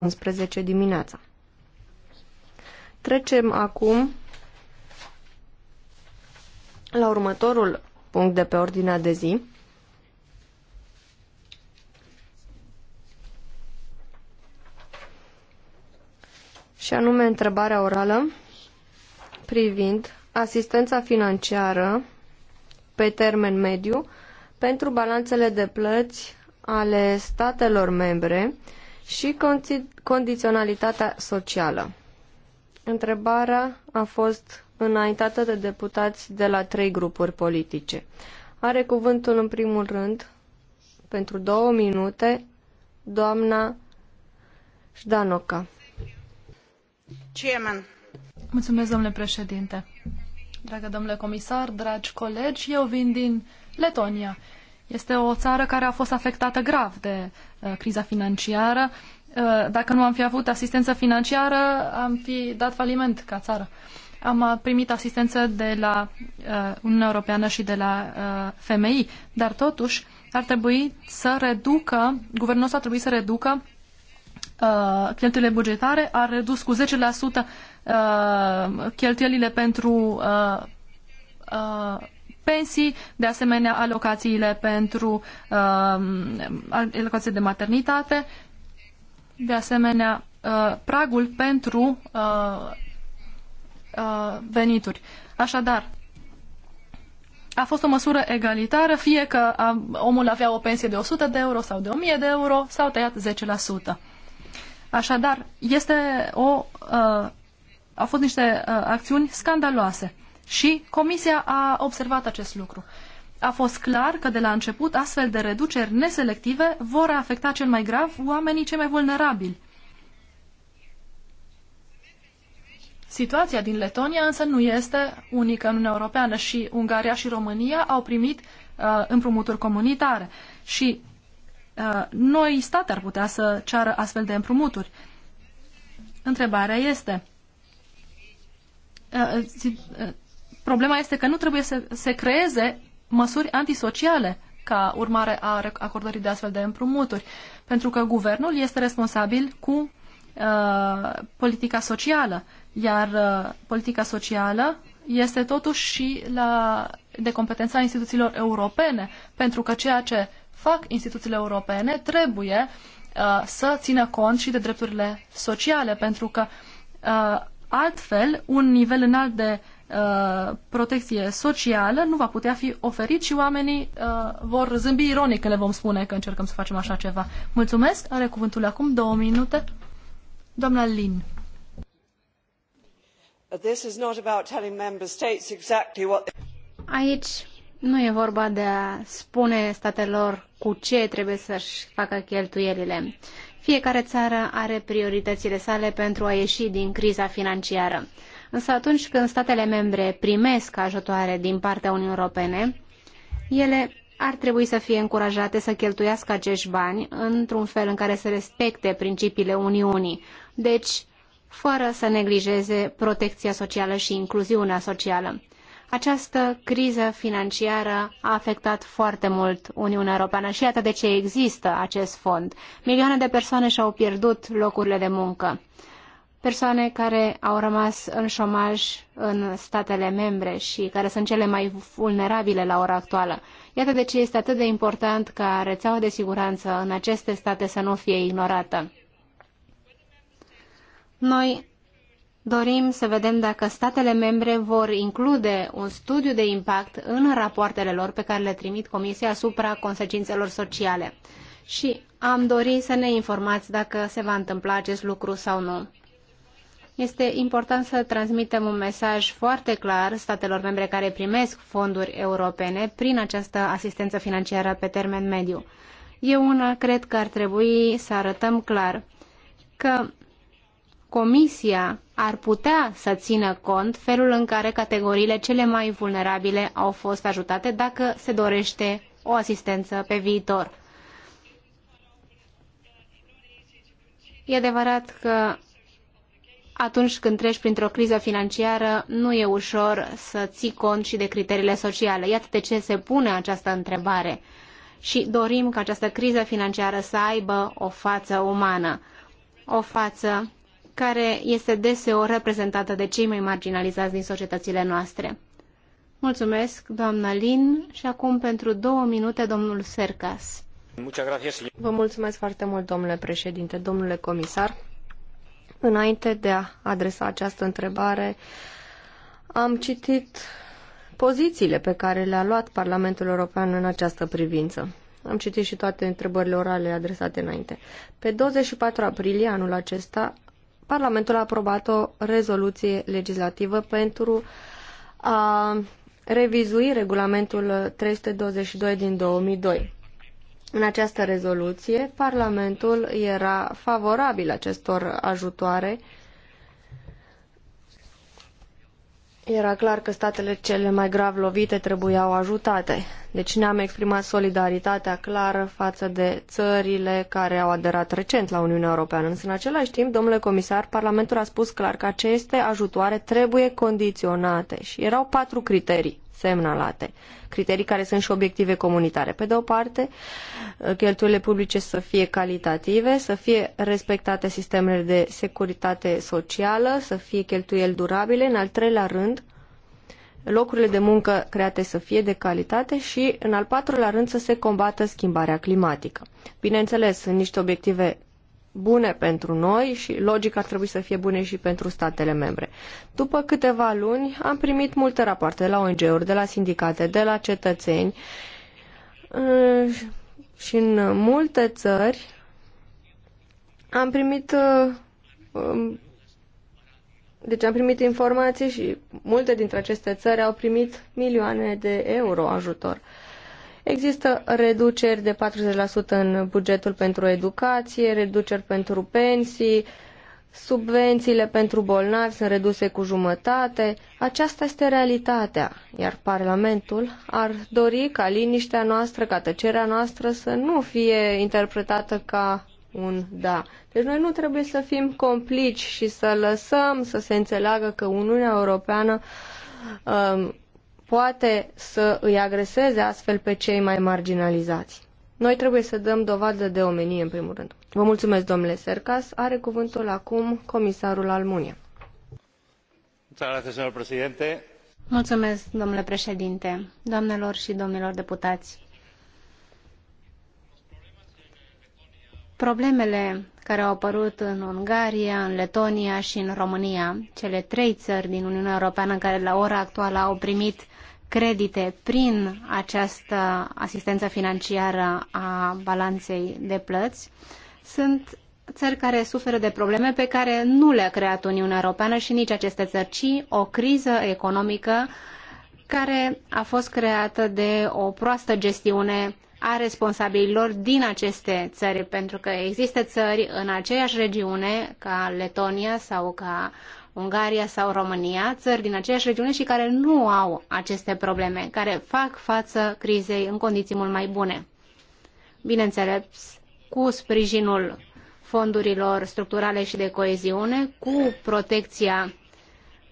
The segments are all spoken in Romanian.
11 dimineața. Trecem acum la următorul punct de pe ordinea de zi. Și anume întrebarea orală privind asistența financiară pe termen mediu pentru balanțele de plăți ale statelor membre și condiționalitatea socială. Întrebarea a fost înaintată de deputați de la trei grupuri politice. Are cuvântul în primul rând, pentru două minute, doamna Ștanoca. Chairman. Mulțumesc, domnule președinte. Dragă domnule comisar, dragi colegi, eu vin din Letonia este o țară care a fost afectată grav de uh, criza financiară. Uh, dacă nu am fi avut asistență financiară, am fi dat faliment ca țară. Am uh, primit asistență de la uh, Uniunea Europeană și de la uh, FMI, dar totuși ar trebui să reducă, guvernul nostru ar trebui să reducă uh, cheltuielile bugetare, a redus cu 10% uh, cheltuielile pentru uh, uh, pensii, de asemenea alocațiile pentru um, alocații de maternitate, de asemenea uh, pragul pentru uh, uh, venituri. Așadar, a fost o măsură egalitară, fie că omul avea o pensie de 100 de euro sau de 1000 de euro, sau tăiat 10%. Așadar, este o, uh, au fost niște uh, acțiuni scandaloase. Și Comisia a observat acest lucru. A fost clar că de la început astfel de reduceri neselective vor afecta cel mai grav oamenii cei mai vulnerabili. Situația din Letonia însă nu este unică în Uniunea Europeană și Ungaria și România au primit uh, împrumuturi comunitare și uh, noi state ar putea să ceară astfel de împrumuturi. Întrebarea este, uh, uh, uh problema este că nu trebuie să se creeze măsuri antisociale ca urmare a acordării de astfel de împrumuturi, pentru că guvernul este responsabil cu uh, politica socială, iar uh, politica socială este totuși și la, de competența instituțiilor europene, pentru că ceea ce fac instituțiile europene trebuie uh, să țină cont și de drepturile sociale, pentru că uh, altfel un nivel înalt de uh, Uh, protecție socială nu va putea fi oferit și oamenii uh, vor zâmbi ironic când le vom spune că încercăm să facem așa ceva. Mulțumesc. Are cuvântul acum două minute. Doamna Lin. Aici nu e vorba de a spune statelor cu ce trebuie să-și facă cheltuielile. Fiecare țară are prioritățile sale pentru a ieși din criza financiară. Însă atunci când statele membre primesc ajutoare din partea Uniunii Europene, ele ar trebui să fie încurajate să cheltuiască acești bani într-un fel în care să respecte principiile Uniunii, deci fără să neglijeze protecția socială și incluziunea socială. Această criză financiară a afectat foarte mult Uniunea Europeană și iată de ce există acest fond. Milioane de persoane și-au pierdut locurile de muncă persoane care au rămas în șomaj în statele membre și care sunt cele mai vulnerabile la ora actuală. Iată de ce este atât de important ca rețeaua de siguranță în aceste state să nu fie ignorată. Noi dorim să vedem dacă statele membre vor include un studiu de impact în rapoartele lor pe care le trimit Comisia asupra consecințelor sociale. Și am dorit să ne informați dacă se va întâmpla acest lucru sau nu. Este important să transmitem un mesaj foarte clar statelor membre care primesc fonduri europene prin această asistență financiară pe termen mediu. Eu una cred că ar trebui să arătăm clar că Comisia ar putea să țină cont felul în care categoriile cele mai vulnerabile au fost ajutate dacă se dorește o asistență pe viitor. E adevărat că atunci când treci printr-o criză financiară, nu e ușor să ții cont și de criteriile sociale. Iată de ce se pune această întrebare. Și dorim ca această criză financiară să aibă o față umană, o față care este deseori reprezentată de cei mai marginalizați din societățile noastre. Mulțumesc, doamna Lin, și acum pentru două minute domnul Sercas. Vă mulțumesc foarte mult, domnule președinte, domnule comisar. Înainte de a adresa această întrebare, am citit pozițiile pe care le-a luat Parlamentul European în această privință. Am citit și toate întrebările orale adresate înainte. Pe 24 aprilie anul acesta, Parlamentul a aprobat o rezoluție legislativă pentru a revizui regulamentul 322 din 2002. În această rezoluție, Parlamentul era favorabil acestor ajutoare. Era clar că statele cele mai grav lovite trebuiau ajutate. Deci ne-am exprimat solidaritatea clară față de țările care au aderat recent la Uniunea Europeană. Însă, în același timp, domnule comisar, Parlamentul a spus clar că aceste ajutoare trebuie condiționate și erau patru criterii semnalate, criterii care sunt și obiective comunitare. Pe de o parte, cheltuielile publice să fie calitative, să fie respectate sistemele de securitate socială, să fie cheltuieli durabile, în al treilea rând, locurile de muncă create să fie de calitate și, în al patrulea rând, să se combată schimbarea climatică. Bineînțeles, sunt niște obiective bune pentru noi și logic ar trebui să fie bune și pentru statele membre. După câteva luni am primit multe rapoarte de la ONG-uri, de la sindicate, de la cetățeni și în multe țări am primit uh, deci am primit informații și multe dintre aceste țări au primit milioane de euro ajutor. Există reduceri de 40% în bugetul pentru educație, reduceri pentru pensii, subvențiile pentru bolnavi sunt reduse cu jumătate. Aceasta este realitatea, iar Parlamentul ar dori ca liniștea noastră, ca tăcerea noastră să nu fie interpretată ca un da. Deci noi nu trebuie să fim complici și să lăsăm să se înțeleagă că Uniunea Europeană um, poate să îi agreseze astfel pe cei mai marginalizați. Noi trebuie să dăm dovadă de omenie, în primul rând. Vă mulțumesc, domnule Sercas. Are cuvântul acum comisarul Almunia. Mulțumesc, domnule președinte, doamnelor și domnilor deputați. Problemele care au apărut în Ungaria, în Letonia și în România, cele trei țări din Uniunea Europeană care la ora actuală au primit credite prin această asistență financiară a balanței de plăți, sunt țări care suferă de probleme pe care nu le-a creat Uniunea Europeană și nici aceste țări, ci o criză economică care a fost creată de o proastă gestiune a responsabililor din aceste țări, pentru că există țări în aceeași regiune ca Letonia sau ca Ungaria sau România, țări din aceeași regiune și care nu au aceste probleme, care fac față crizei în condiții mult mai bune. Bineînțeles, cu sprijinul fondurilor structurale și de coeziune, cu protecția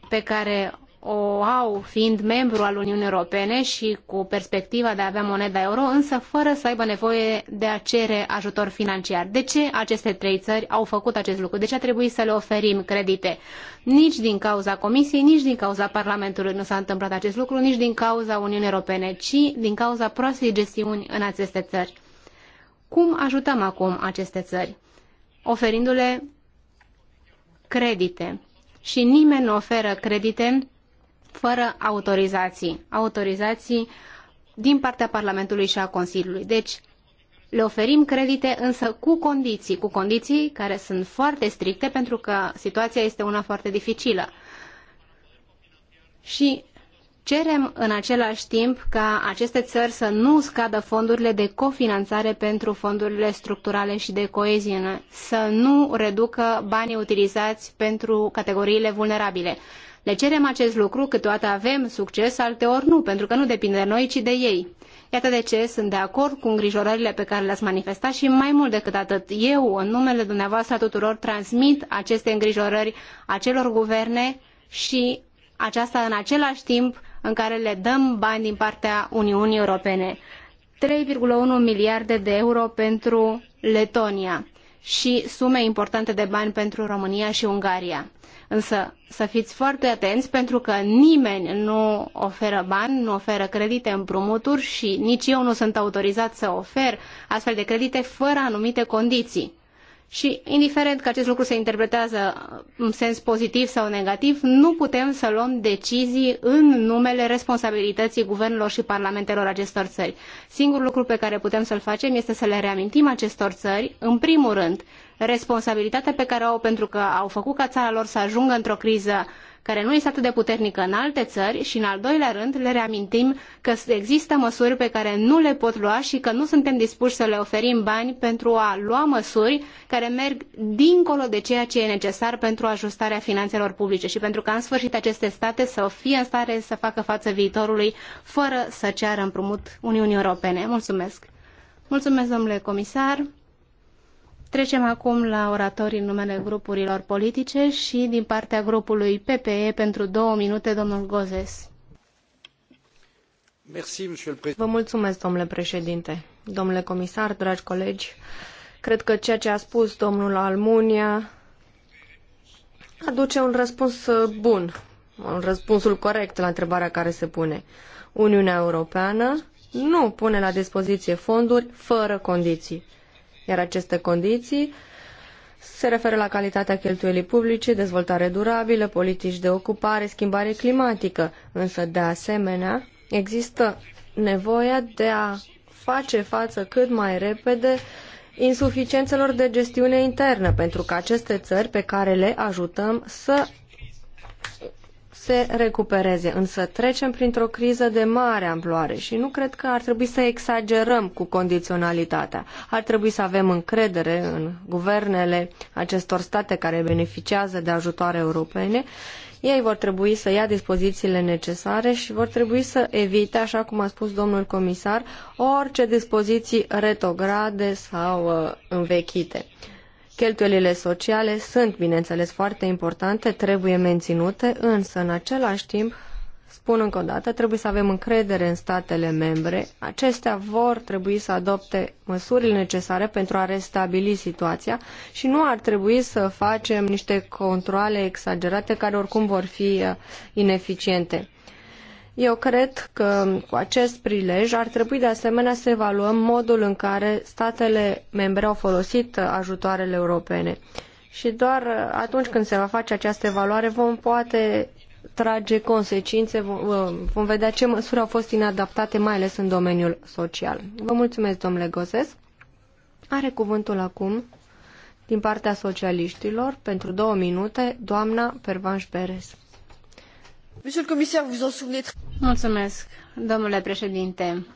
pe care o au fiind membru al Uniunii Europene și cu perspectiva de a avea moneda euro, însă fără să aibă nevoie de a cere ajutor financiar. De ce aceste trei țări au făcut acest lucru? De ce a trebuit să le oferim credite? Nici din cauza Comisiei, nici din cauza Parlamentului nu s-a întâmplat acest lucru, nici din cauza Uniunii Europene, ci din cauza proastei gestiuni în aceste țări. Cum ajutăm acum aceste țări? Oferindu-le credite. Și nimeni nu oferă credite fără autorizații. Autorizații din partea Parlamentului și a Consiliului. Deci, le oferim credite, însă cu condiții, cu condiții care sunt foarte stricte, pentru că situația este una foarte dificilă. Și Cerem în același timp ca aceste țări să nu scadă fondurile de cofinanțare pentru fondurile structurale și de coeziune, să nu reducă banii utilizați pentru categoriile vulnerabile. Le cerem acest lucru, câteodată avem succes, alteori nu, pentru că nu depinde de noi, ci de ei. Iată de ce sunt de acord cu îngrijorările pe care le-ați manifestat și mai mult decât atât, eu, în numele dumneavoastră tuturor, transmit aceste îngrijorări acelor guverne și aceasta în același timp în care le dăm bani din partea Uniunii Europene. 3,1 miliarde de euro pentru Letonia și sume importante de bani pentru România și Ungaria. Însă să fiți foarte atenți pentru că nimeni nu oferă bani, nu oferă credite împrumuturi și nici eu nu sunt autorizat să ofer astfel de credite fără anumite condiții. Și indiferent că acest lucru se interpretează în sens pozitiv sau negativ, nu putem să luăm decizii în numele responsabilității guvernelor și parlamentelor acestor țări. Singurul lucru pe care putem să-l facem este să le reamintim acestor țări, în primul rând, responsabilitatea pe care o au pentru că au făcut ca țara lor să ajungă într-o criză care nu este atât de puternică în alte țări și, în al doilea rând, le reamintim că există măsuri pe care nu le pot lua și că nu suntem dispuși să le oferim bani pentru a lua măsuri care merg dincolo de ceea ce e necesar pentru ajustarea finanțelor publice și pentru ca, în sfârșit, aceste state să fie în stare să facă față viitorului fără să ceară împrumut Uniunii Europene. Mulțumesc! Mulțumesc, domnule comisar! Trecem acum la oratorii în numele grupurilor politice și din partea grupului PPE pentru două minute, domnul Gozes. Vă mulțumesc, domnule președinte, domnule comisar, dragi colegi. Cred că ceea ce a spus domnul Almunia aduce un răspuns uh, bun, un răspunsul corect la întrebarea care se pune. Uniunea Europeană nu pune la dispoziție fonduri fără condiții. Iar aceste condiții se referă la calitatea cheltuielii publice, dezvoltare durabilă, politici de ocupare, schimbare climatică. Însă, de asemenea, există nevoia de a face față cât mai repede insuficiențelor de gestiune internă, pentru că aceste țări pe care le ajutăm să se recupereze, însă trecem printr-o criză de mare amploare și nu cred că ar trebui să exagerăm cu condiționalitatea. Ar trebui să avem încredere în guvernele acestor state care beneficiază de ajutoare europene. Ei vor trebui să ia dispozițiile necesare și vor trebui să evite, așa cum a spus domnul comisar, orice dispoziții retrograde sau uh, învechite. Cheltuielile sociale sunt, bineînțeles, foarte importante, trebuie menținute, însă, în același timp, spun încă o dată, trebuie să avem încredere în statele membre. Acestea vor trebui să adopte măsurile necesare pentru a restabili situația și nu ar trebui să facem niște controle exagerate care oricum vor fi uh, ineficiente. Eu cred că cu acest prilej ar trebui de asemenea să evaluăm modul în care statele membre au folosit ajutoarele europene. Și doar atunci când se va face această evaluare vom poate trage consecințe, vom vedea ce măsuri au fost inadaptate, mai ales în domeniul social. Vă mulțumesc, domnule Gozes. Are cuvântul acum, din partea socialiștilor, pentru două minute, doamna Pervanș Beres. Monsieur le commissaire, vous vous en souvenez très Mulțumesc, domnule președinte.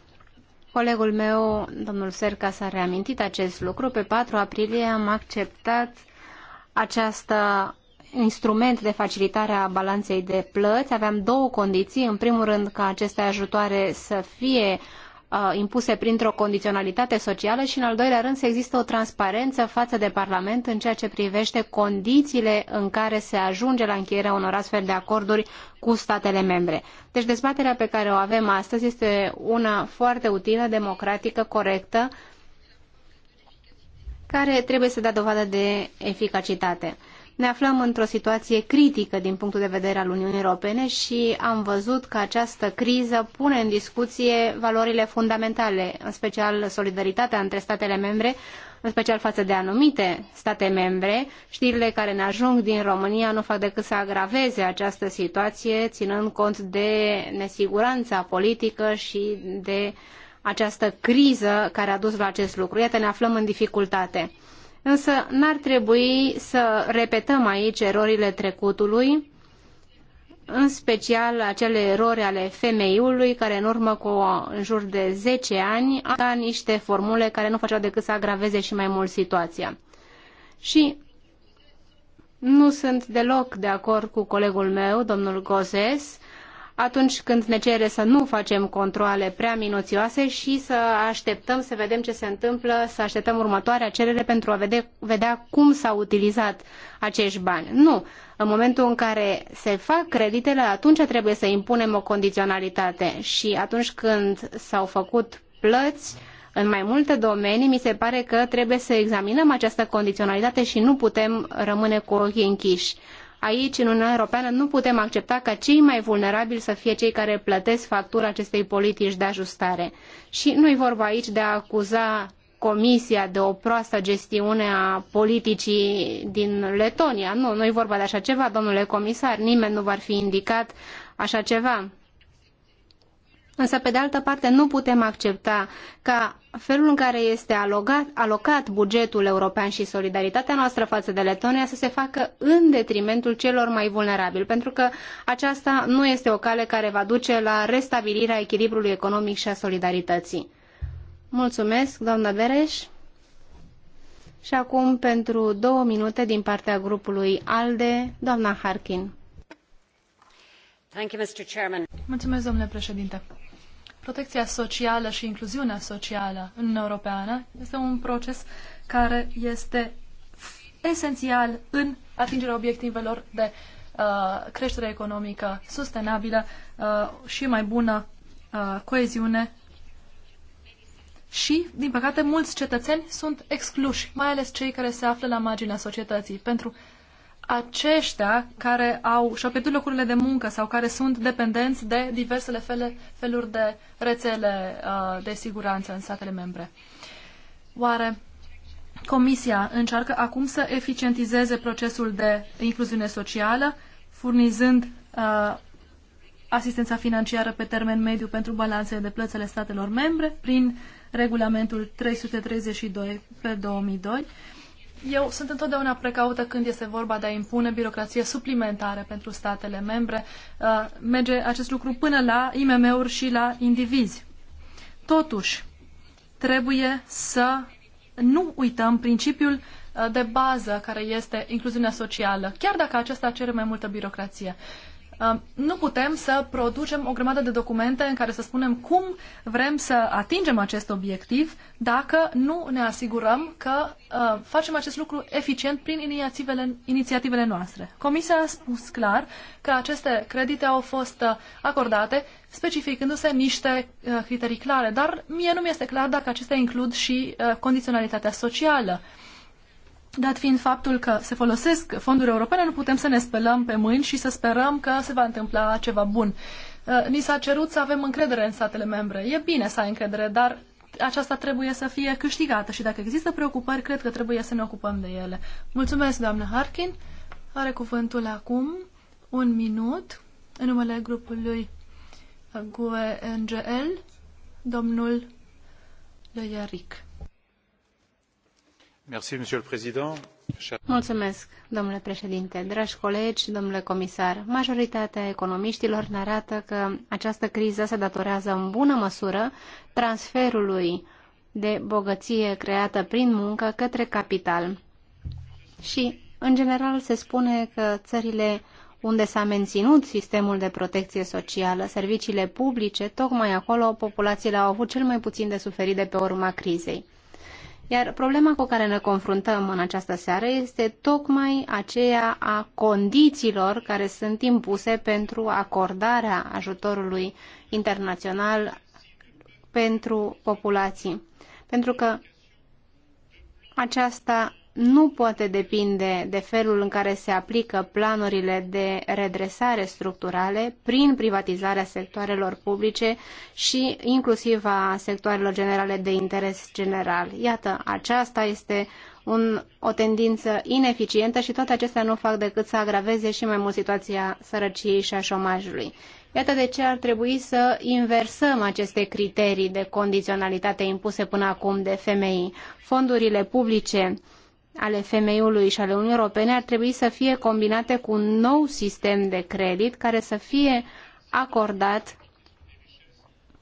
Colegul meu, domnul Serca, s-a reamintit acest lucru. Pe 4 aprilie am acceptat acest instrument de facilitare a balanței de plăți. Aveam două condiții. În primul rând, ca aceste ajutoare să fie Uh, impuse printr-o condiționalitate socială și, în al doilea rând, să există o transparență față de Parlament în ceea ce privește condițiile în care se ajunge la încheierea unor astfel de acorduri cu statele membre. Deci dezbaterea pe care o avem astăzi este una foarte utilă, democratică, corectă, care trebuie să dea dovadă de eficacitate. Ne aflăm într-o situație critică din punctul de vedere al Uniunii Europene și am văzut că această criză pune în discuție valorile fundamentale, în special solidaritatea între statele membre, în special față de anumite state membre. Știrile care ne ajung din România nu fac decât să agraveze această situație, ținând cont de nesiguranța politică și de această criză care a dus la acest lucru. Iată, ne aflăm în dificultate. Însă n-ar trebui să repetăm aici erorile trecutului, în special acele erori ale femeiului, care în urmă cu în jur de 10 ani a niște formule care nu făceau decât să agraveze și mai mult situația. Și nu sunt deloc de acord cu colegul meu, domnul Gozes, atunci când ne cere să nu facem controle prea minuțioase și să așteptăm să vedem ce se întâmplă, să așteptăm următoarea cerere pentru a vede, vedea cum s-au utilizat acești bani. Nu. În momentul în care se fac creditele, atunci trebuie să impunem o condiționalitate și atunci când s-au făcut plăți, în mai multe domenii, mi se pare că trebuie să examinăm această condiționalitate și nu putem rămâne cu ochii închiși. Aici, în Uniunea Europeană, nu putem accepta ca cei mai vulnerabili să fie cei care plătesc factura acestei politici de ajustare. Și nu-i vorba aici de a acuza Comisia de o proastă gestiune a politicii din Letonia. Nu, nu-i vorba de așa ceva, domnule comisar. Nimeni nu va fi indicat așa ceva. Însă, pe de altă parte, nu putem accepta ca felul în care este alocat, alocat bugetul european și solidaritatea noastră față de Letonia să se facă în detrimentul celor mai vulnerabili, pentru că aceasta nu este o cale care va duce la restabilirea echilibrului economic și a solidarității. Mulțumesc, doamna Bereș. Și acum, pentru două minute din partea grupului ALDE, doamna Harkin. Mulțumesc, domnule președinte. Protecția socială și incluziunea socială în Europeană este un proces care este esențial în atingerea obiectivelor de uh, creștere economică sustenabilă uh, și mai bună uh, coeziune și, din păcate, mulți cetățeni sunt excluși, mai ales cei care se află la marginea societății, pentru aceștia care au și-au pierdut locurile de muncă sau care sunt dependenți de diversele fele, feluri de rețele uh, de siguranță în statele membre. Oare Comisia încearcă acum să eficientizeze procesul de incluziune socială, furnizând uh, asistența financiară pe termen mediu pentru balanțele de plățele statelor membre prin regulamentul 332 pe 2002 eu sunt întotdeauna precaută când este vorba de a impune birocrație suplimentară pentru statele membre. Uh, merge acest lucru până la IMM-uri și la indivizi. Totuși, trebuie să nu uităm principiul uh, de bază care este incluziunea socială, chiar dacă acesta cere mai multă birocrație nu putem să producem o grămadă de documente în care să spunem cum vrem să atingem acest obiectiv dacă nu ne asigurăm că uh, facem acest lucru eficient prin inițiativele, inițiativele noastre. Comisia a spus clar că aceste credite au fost uh, acordate specificându-se niște uh, criterii clare, dar mie nu mi este clar dacă acestea includ și condiționalitatea socială. Dat fiind faptul că se folosesc fonduri europene, nu putem să ne spălăm pe mâini și să sperăm că se va întâmpla ceva bun. Uh, ni s-a cerut să avem încredere în statele membre. E bine să ai încredere, dar aceasta trebuie să fie câștigată și dacă există preocupări, cred că trebuie să ne ocupăm de ele. Mulțumesc, doamnă Harkin. Are cuvântul acum un minut în numele grupului GUE-NGL, domnul Leiaric. Mulțumesc, domnule președinte, dragi colegi, domnule comisar. Majoritatea economiștilor ne arată că această criză se datorează în bună măsură transferului de bogăție creată prin muncă către capital. Și, în general, se spune că țările unde s-a menținut sistemul de protecție socială, serviciile publice, tocmai acolo populațiile au avut cel mai puțin de suferit de pe urma crizei. Iar problema cu care ne confruntăm în această seară este tocmai aceea a condițiilor care sunt impuse pentru acordarea ajutorului internațional pentru populații. Pentru că aceasta nu poate depinde de felul în care se aplică planurile de redresare structurale prin privatizarea sectoarelor publice și inclusiv a sectoarelor generale de interes general. Iată, aceasta este un, o tendință ineficientă și toate acestea nu fac decât să agraveze și mai mult situația sărăciei și a șomajului. Iată de ce ar trebui să inversăm aceste criterii de condiționalitate impuse până acum de femei. Fondurile publice ale FMI-ului și ale Uniunii Europene ar trebui să fie combinate cu un nou sistem de credit care să fie acordat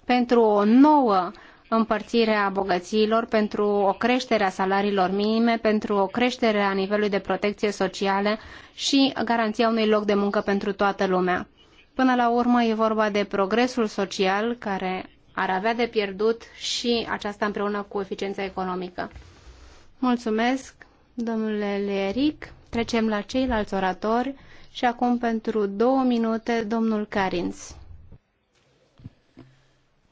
pentru o nouă împărțire a bogățiilor, pentru o creștere a salariilor minime, pentru o creștere a nivelului de protecție socială și garanția unui loc de muncă pentru toată lumea. Până la urmă e vorba de progresul social care ar avea de pierdut și aceasta împreună cu eficiența economică. Mulțumesc domnule Leeric. Trecem la ceilalți oratori și acum pentru două minute domnul Carins.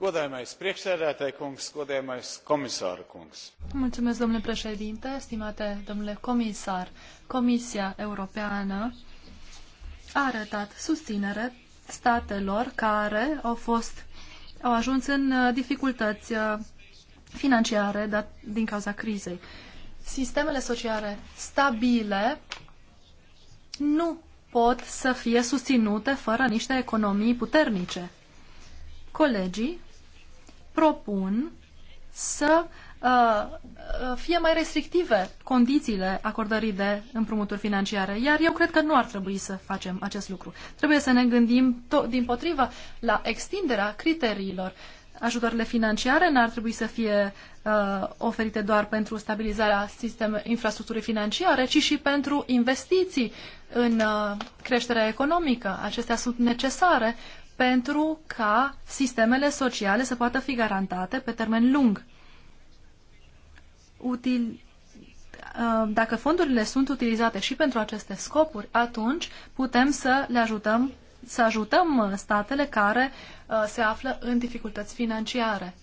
Godājamais priekšsēdētāji kungs, godājamais komisāra kungs. Mulțumesc, domnule președinte, stimate domnule comisar. Comisia Europeană a arătat susținere statelor care au fost au ajuns în uh, dificultăți uh, financiare dat, din cauza crizei sistemele sociale stabile nu pot să fie susținute fără niște economii puternice. Colegii propun să uh, uh, fie mai restrictive condițiile acordării de împrumuturi financiare, iar eu cred că nu ar trebui să facem acest lucru. Trebuie să ne gândim din potrivă la extinderea criteriilor ajutoarele financiare n-ar trebui să fie uh, oferite doar pentru stabilizarea sistemului infrastructurii financiare, ci și pentru investiții în uh, creșterea economică. Acestea sunt necesare pentru ca sistemele sociale să poată fi garantate pe termen lung. Util, uh, dacă fondurile sunt utilizate și pentru aceste scopuri, atunci putem să le ajutăm să ajutăm uh, statele care uh, se află în dificultăți financiare.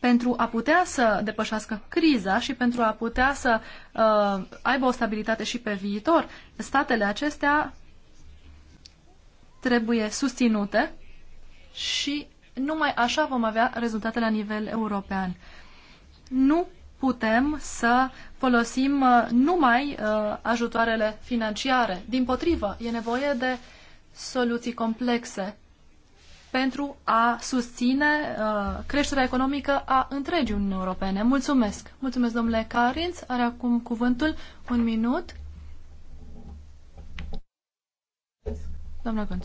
Pentru a putea să depășească criza și pentru a putea să uh, aibă o stabilitate și pe viitor, statele acestea trebuie susținute și numai așa vom avea rezultate la nivel european. Nu putem să folosim uh, numai uh, ajutoarele financiare. Din potrivă, e nevoie de soluții complexe pentru a susține uh, creșterea economică a întregii Uniunii Europene. Mulțumesc! Mulțumesc, domnule Carinț. Are acum cuvântul un minut. Doamna Gânț.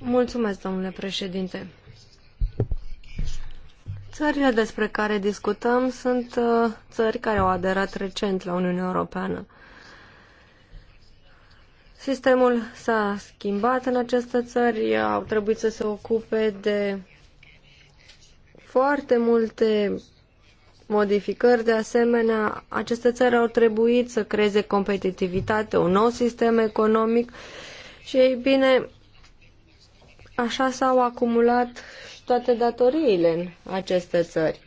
Mulțumesc, domnule președinte Țările despre care discutăm sunt uh, țări care au aderat recent la Uniunea Europeană. Sistemul s-a schimbat în aceste țări, au trebuit să se ocupe de foarte multe modificări. De asemenea, aceste țări au trebuit să creeze competitivitate, un nou sistem economic și, ei bine, așa s-au acumulat toate datoriile în aceste țări.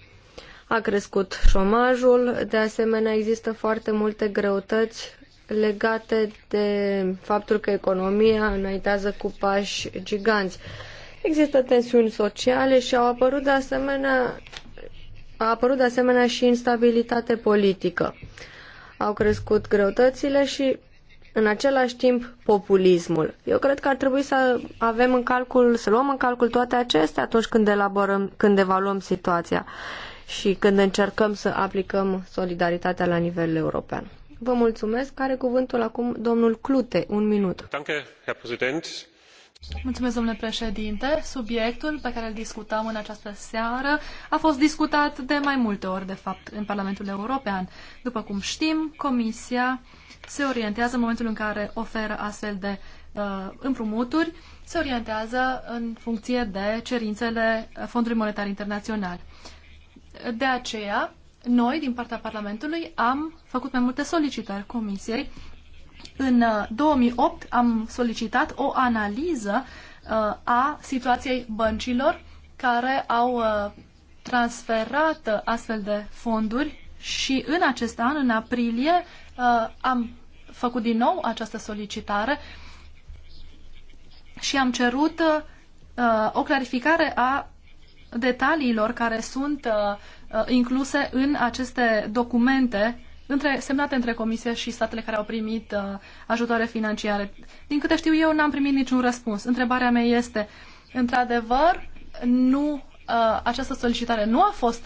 A crescut șomajul, de asemenea există foarte multe greutăți legate de faptul că economia înaintează cu pași giganți. Există tensiuni sociale și au apărut de asemenea, a apărut de asemenea și instabilitate politică. Au crescut greutățile și în același timp populismul. Eu cred că ar trebui să avem în calcul, să luăm în calcul toate acestea atunci când elaborăm, când evaluăm situația și când încercăm să aplicăm solidaritatea la nivel european. Vă mulțumesc. Are cuvântul acum domnul Clute. Un minut. Mulțumesc, domnule președinte. Subiectul pe care îl discutăm în această seară a fost discutat de mai multe ori, de fapt, în Parlamentul European. După cum știm, Comisia se orientează în momentul în care oferă astfel de uh, împrumuturi, se orientează în funcție de cerințele Fondului Monetar Internațional. De aceea, noi, din partea Parlamentului, am făcut mai multe solicitări Comisiei. În 2008 uh, am solicitat o analiză uh, a situației băncilor care au uh, transferat astfel de fonduri și în acest an, în aprilie, Uh, am făcut din nou această solicitare și am cerut uh, o clarificare a detaliilor care sunt uh, incluse în aceste documente între, semnate între Comisie și statele care au primit uh, ajutoare financiare. Din câte știu eu, n-am primit niciun răspuns. Întrebarea mea este, într-adevăr, nu, uh, această solicitare nu a fost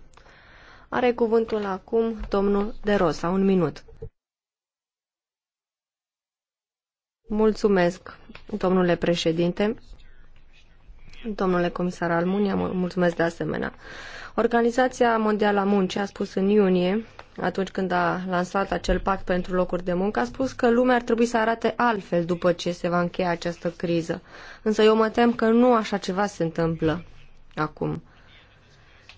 are cuvântul acum domnul De Rosa, un minut. Mulțumesc, domnule președinte. Domnule comisar Almunia, mulțumesc de asemenea. Organizația Mondială a Muncii a spus în iunie, atunci când a lansat acel pact pentru locuri de muncă, a spus că lumea ar trebui să arate altfel după ce se va încheia această criză. Însă eu mă tem că nu așa ceva se întâmplă acum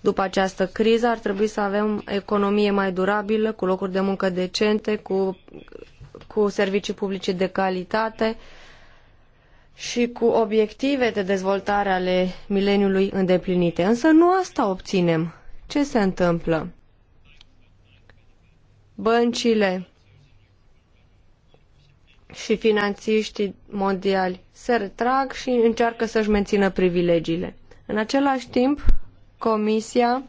după această criză. Ar trebui să avem economie mai durabilă, cu locuri de muncă decente, cu, cu servicii publice de calitate și cu obiective de dezvoltare ale mileniului îndeplinite. Însă nu asta obținem. Ce se întâmplă? Băncile și finanțiștii mondiali se retrag și încearcă să-și mențină privilegiile. În același timp, Comisia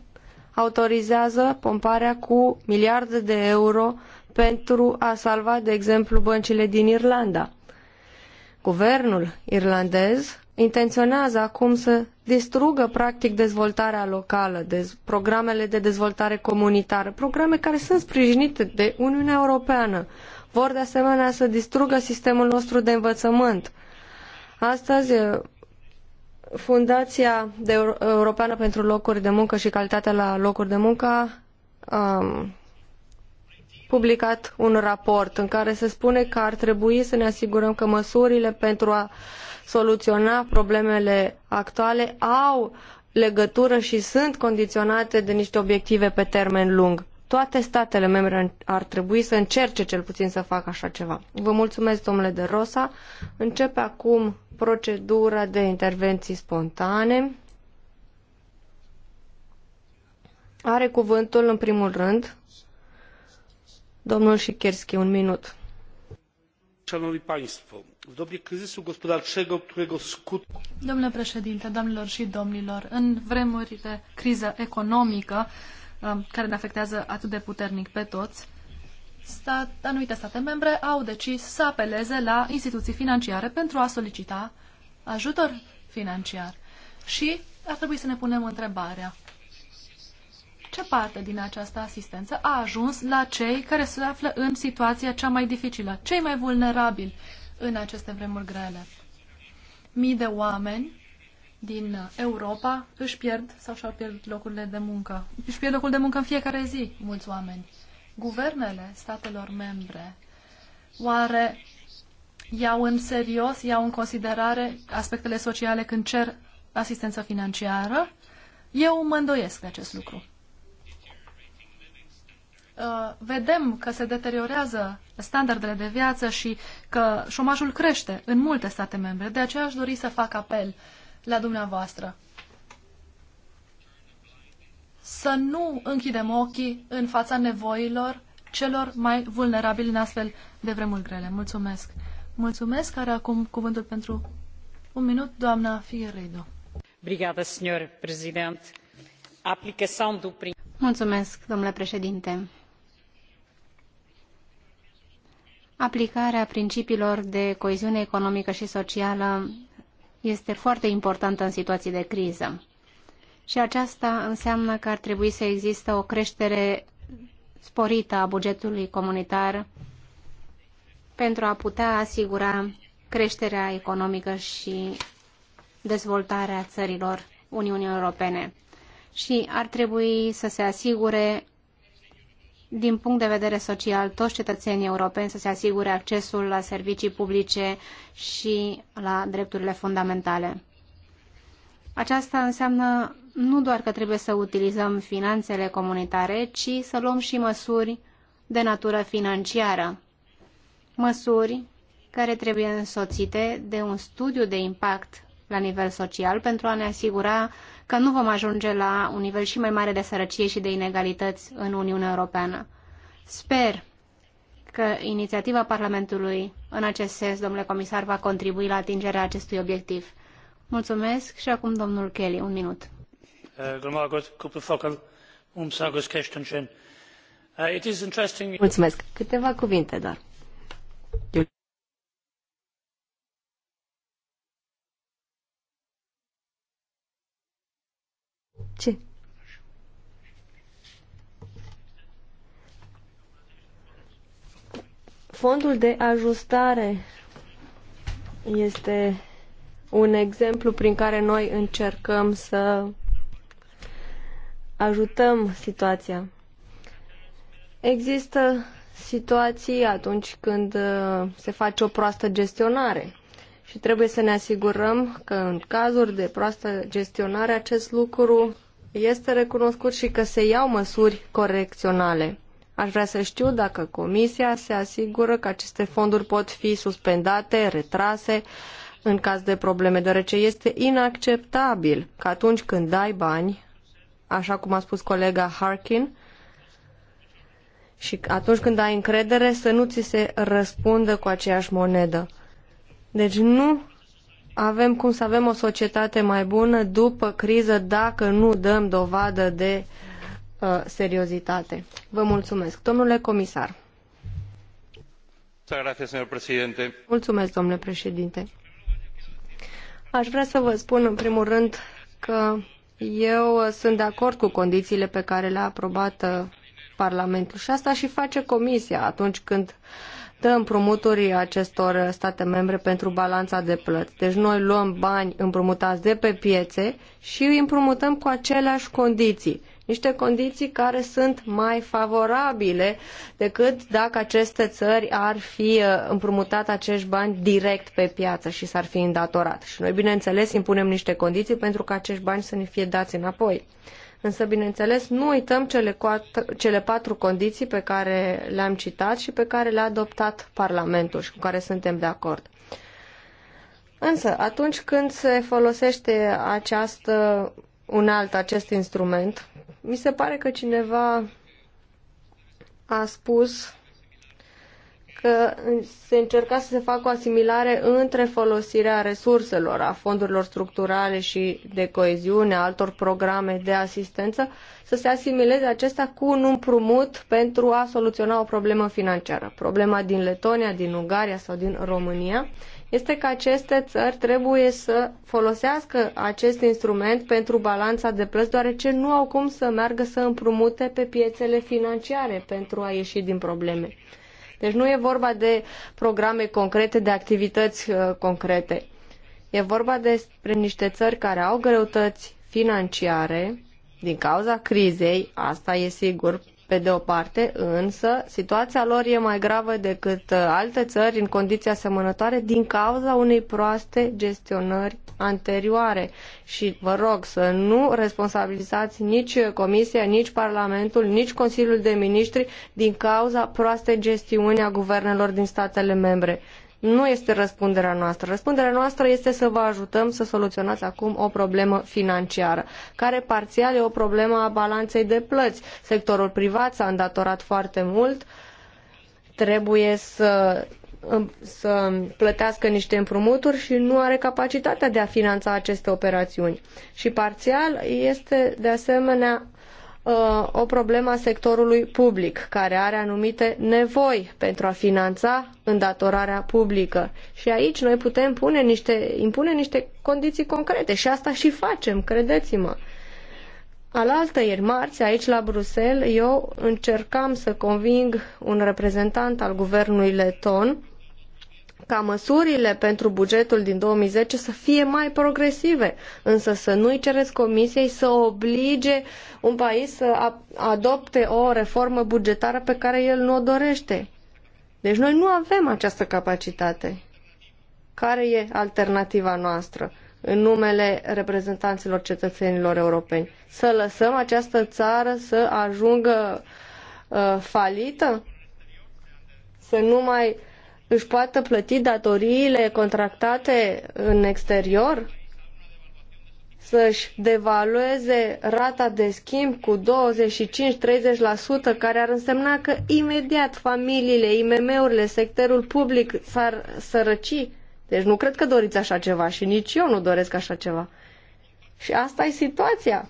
autorizează pomparea cu miliarde de euro pentru a salva, de exemplu, băncile din Irlanda. Guvernul irlandez intenționează acum să distrugă practic dezvoltarea locală, dez programele de dezvoltare comunitară, programe care sunt sprijinite de Uniunea Europeană. Vor de asemenea să distrugă sistemul nostru de învățământ. Astăzi, Fundația Europeană pentru Locuri de Muncă și Calitatea la Locuri de Muncă a publicat un raport în care se spune că ar trebui să ne asigurăm că măsurile pentru a soluționa problemele actuale au legătură și sunt condiționate de niște obiective pe termen lung. Toate statele membre ar trebui să încerce cel puțin să facă așa ceva. Vă mulțumesc, domnule de Rosa. Începe acum procedura de intervenții spontane. Are cuvântul în primul rând domnul Siekierski, un minut. Domnule președinte, domnilor și domnilor, în vremurile criză economică um, care ne afectează atât de puternic pe toți, stat, anumite state membre au decis să apeleze la instituții financiare pentru a solicita ajutor financiar. Și ar trebui să ne punem întrebarea. Ce parte din această asistență a ajuns la cei care se află în situația cea mai dificilă, cei mai vulnerabili în aceste vremuri grele? Mii de oameni din Europa își pierd sau și-au pierd locurile de muncă. Își pierd locul de muncă în fiecare zi, mulți oameni guvernele statelor membre oare iau în serios, iau în considerare aspectele sociale când cer asistență financiară? Eu mă îndoiesc de acest lucru. Uh, vedem că se deteriorează standardele de viață și că șomajul crește în multe state membre. De aceea aș dori să fac apel la dumneavoastră să nu închidem ochii în fața nevoilor celor mai vulnerabili în astfel de vremuri grele. Mulțumesc! Mulțumesc, Are acum cuvântul pentru un minut, doamna Figueiredo. Brigada, senhor prezident. Aplicação do Mulțumesc, domnule președinte. Aplicarea principiilor de coeziune economică și socială este foarte importantă în situații de criză. Și aceasta înseamnă că ar trebui să existe o creștere sporită a bugetului comunitar pentru a putea asigura creșterea economică și dezvoltarea țărilor Uniunii Europene. Și ar trebui să se asigure din punct de vedere social, toți cetățenii europeni să se asigure accesul la servicii publice și la drepturile fundamentale. Aceasta înseamnă nu doar că trebuie să utilizăm finanțele comunitare, ci să luăm și măsuri de natură financiară. Măsuri care trebuie însoțite de un studiu de impact la nivel social pentru a ne asigura că nu vom ajunge la un nivel și mai mare de sărăcie și de inegalități în Uniunea Europeană. Sper că inițiativa Parlamentului în acest sens, domnule comisar, va contribui la atingerea acestui obiectiv. Mulțumesc și acum domnul Kelly, un minut. Uh, uh, Mulțumesc. Câteva cuvinte doar. Ce? Fondul de ajustare este un exemplu prin care noi încercăm să ajutăm situația. Există situații atunci când uh, se face o proastă gestionare și trebuie să ne asigurăm că în cazuri de proastă gestionare acest lucru este recunoscut și că se iau măsuri corecționale. Aș vrea să știu dacă Comisia se asigură că aceste fonduri pot fi suspendate, retrase în caz de probleme, deoarece este inacceptabil că atunci când dai bani așa cum a spus colega Harkin, și atunci când ai încredere să nu ți se răspundă cu aceeași monedă. Deci nu avem cum să avem o societate mai bună după criză dacă nu dăm dovadă de uh, seriozitate. Vă mulțumesc. Domnule comisar. Mulțumesc, domnule președinte. Aș vrea să vă spun în primul rând că eu uh, sunt de acord cu condițiile pe care le-a aprobat uh, Parlamentul și asta și face Comisia atunci când dă împrumuturi acestor uh, state membre pentru balanța de plăți. Deci noi luăm bani împrumutați de pe piețe și îi împrumutăm cu aceleași condiții niște condiții care sunt mai favorabile decât dacă aceste țări ar fi uh, împrumutat acești bani direct pe piață și s-ar fi îndatorat. Și noi, bineînțeles, impunem niște condiții pentru ca acești bani să ne fie dați înapoi. Însă, bineînțeles, nu uităm cele, coatru, cele patru condiții pe care le-am citat și pe care le-a adoptat Parlamentul și cu care suntem de acord. Însă, atunci când se folosește această un alt acest instrument, mi se pare că cineva a spus că se încerca să se facă o asimilare între folosirea resurselor, a fondurilor structurale și de coeziune, a altor programe de asistență, să se asimileze acestea cu un împrumut pentru a soluționa o problemă financiară. Problema din Letonia, din Ungaria sau din România este că aceste țări trebuie să folosească acest instrument pentru balanța de plăți, deoarece nu au cum să meargă să împrumute pe piețele financiare pentru a ieși din probleme. Deci nu e vorba de programe concrete, de activități uh, concrete. E vorba despre niște țări care au greutăți financiare din cauza crizei, asta e sigur, pe de o parte, însă, situația lor e mai gravă decât uh, alte țări în condiții asemănătoare din cauza unei proaste gestionări anterioare. Și vă rog să nu responsabilizați nici Comisia, nici Parlamentul, nici Consiliul de Ministri din cauza proastei gestiuni a guvernelor din statele membre nu este răspunderea noastră. Răspunderea noastră este să vă ajutăm să soluționați acum o problemă financiară, care parțial e o problemă a balanței de plăți. Sectorul privat s-a îndatorat foarte mult, trebuie să să plătească niște împrumuturi și nu are capacitatea de a finanța aceste operațiuni. Și parțial este de asemenea uh, o problemă a sectorului public, care are anumite nevoi pentru a finanța îndatorarea publică. Și aici noi putem pune niște, impune niște condiții concrete și asta și facem, credeți-mă. Alaltă ieri, marți, aici la Bruxelles, eu încercam să conving un reprezentant al guvernului leton ca măsurile pentru bugetul din 2010 să fie mai progresive, însă să nu-i cereți comisiei să oblige un país să adopte o reformă bugetară pe care el nu o dorește. Deci noi nu avem această capacitate. Care e alternativa noastră în numele reprezentanților cetățenilor europeni? Să lăsăm această țară să ajungă uh, falită? Să nu mai își poată plăti datoriile contractate în exterior, să-și devalueze rata de schimb cu 25-30%, care ar însemna că imediat familiile, IMM-urile, sectorul public s-ar sărăci. Deci nu cred că doriți așa ceva și nici eu nu doresc așa ceva. Și asta e situația.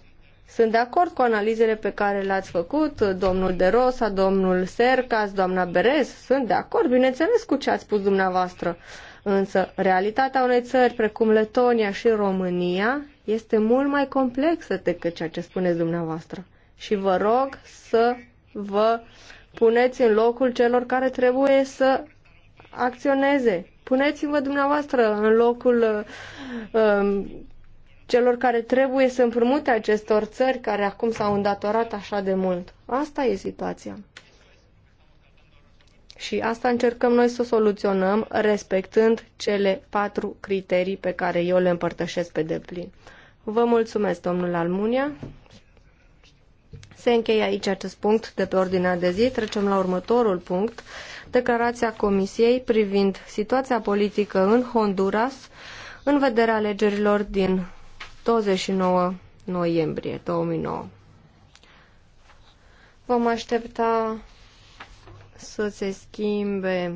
Sunt de acord cu analizele pe care le-ați făcut, domnul De Rosa, domnul Sercas, doamna Berez. Sunt de acord, bineînțeles, cu ce ați spus dumneavoastră. Însă, realitatea unei țări precum Letonia și România este mult mai complexă decât ceea ce spuneți dumneavoastră. Și vă rog să vă puneți în locul celor care trebuie să acționeze. Puneți-vă dumneavoastră în locul uh, um, celor care trebuie să împrumute acestor țări care acum s-au îndatorat așa de mult. Asta e situația. Și asta încercăm noi să o soluționăm respectând cele patru criterii pe care eu le împărtășesc pe deplin. Vă mulțumesc, domnul Almunia. Se încheie aici acest punct de pe ordinea de zi. Trecem la următorul punct. Declarația Comisiei privind situația politică în Honduras în vederea alegerilor din 29 noiembrie 2009. Vom aștepta să se schimbe